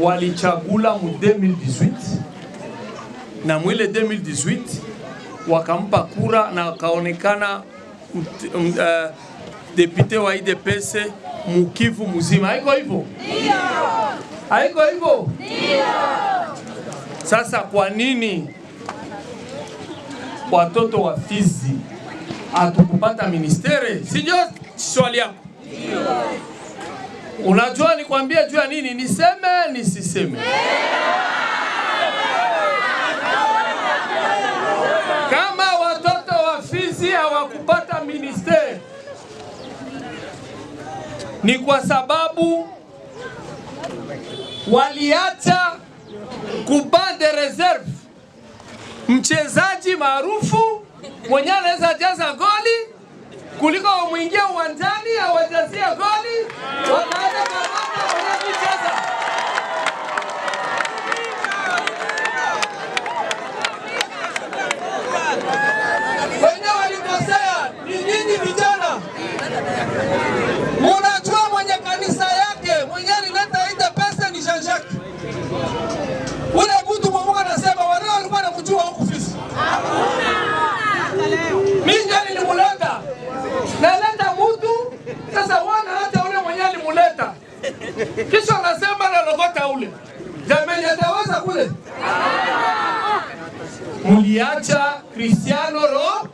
walichagula mu 2018 na mwile 2018 wakampa kura na wakaonekana uh, depute wa IDPS mukivu mzima. Haiko hivyo? Ndio. Haiko hivyo? Ndio. Sasa kwa nini watoto wa Fizi hatukupata ministere? sijo swali yako? Ndio. Unajua nikwambie juu ya nini? Niseme nisiseme? Kama watoto wa Fizi hawakupata ministeri ni kwa sababu waliacha kubande reserve mchezaji maarufu mwenye anaweza jaza goli kuliko wamwingia uwanjani awajazia goli. Rodada kisha anasema nalogota ule. Jamani, ataweza kule? Muliacha Cristiano Ronaldo